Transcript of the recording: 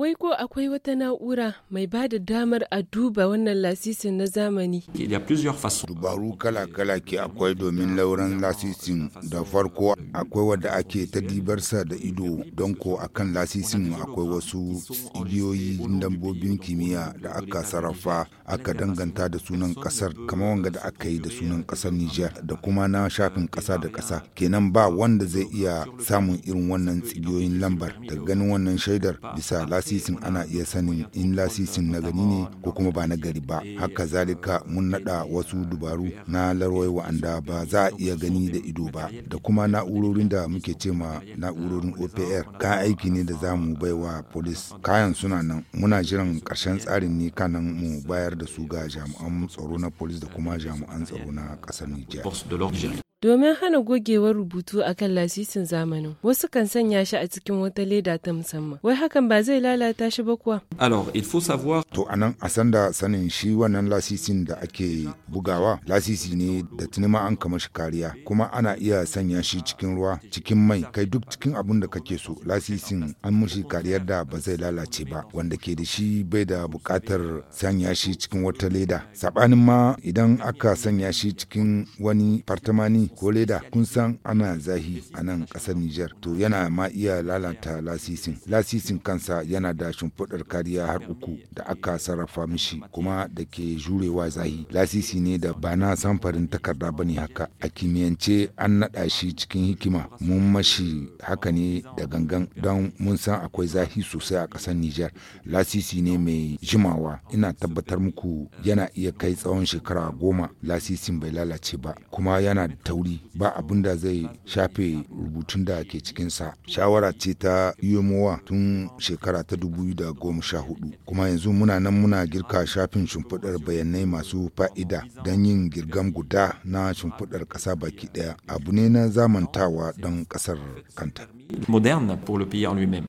Wai ko akwai wata na'ura mai ba da damar a duba wannan lasisin na zamani? Dubaru kala-kala ke akwai domin lauran lasisin da farko akwai wadda ake ta dibarsa da ido don ko akan lasisin akwai wasu igiyoyin dambobin kimiyya da aka sarrafa aka danganta da sunan kasar kamar wanga da aka yi da sunan kasar Nijar da kuma na shafin kasa da kasa kenan ba wanda zai iya samun irin wannan tsigiyoyin lambar da ganin wannan shaidar bisa lasisin lasisin ana iya sanin in lasisin na gani ne ko kuma ba na gari ba haka zalika mun nada wasu dubaru na larwai wa'anda ba za a iya gani da ido ba da kuma na'urorin da muke ce ma na'urorin opr kayan aiki ne da za mu bai wa polis kayan suna nan muna jiran karshen tsarin ne kanan mu bayar da su ga jami'an tsaro na polis da kuma jami'an tsaro na ƙasar nijar Domin hana gogewar rubutu a kan lasisin zamanin, wasu kan sanya shi a cikin wata leda ta musamman. Wai hakan ba zai lalata shi ba kuwa? Alors, il faut savoir... To anan a sanda sanin shi wannan lasisin da ake bugawa, lasisi ne da tuni ma an kama shi kariya, kuma ana iya sanya shi cikin ruwa, cikin mai, kai duk cikin abin da kake so. Lasisin an mushi kariyar da ba zai lalace ba, wanda ke da shi bai da bukatar sanya shi cikin wata leda. Saɓanin ma idan aka sanya shi cikin wani fartamani ko leda kun san ana zahi a nan ƙasar Nijar to yana ma iya lalata lasisin. Lasisin kansa yana da shimfiɗar kariya har uku da aka sarrafa mishi kuma da ke jurewa zahi. Lasisi ne da ba na samfarin takarda ba ne haka. A kimiyyance an naɗa shi cikin hikima mun mashi haka ne da gangan don mun san akwai zahi sosai a ƙasar Nijar. Lasisi ne mai jimawa ina tabbatar muku yana iya kai tsawon shekara goma lasisin bai lalace ba kuma yana da sauri ba abin da zai shafe rubutun da ke cikinsa shawara ce ta yomowa tun shekara ta da goma hudu kuma yanzu muna nan muna girka shafin shimfiɗar bayanai masu fa'ida don yin girgam guda na shimfiɗar ƙasa baki ɗaya abu ne na zamantawa don ƙasar kanta. Moderne pour le pays en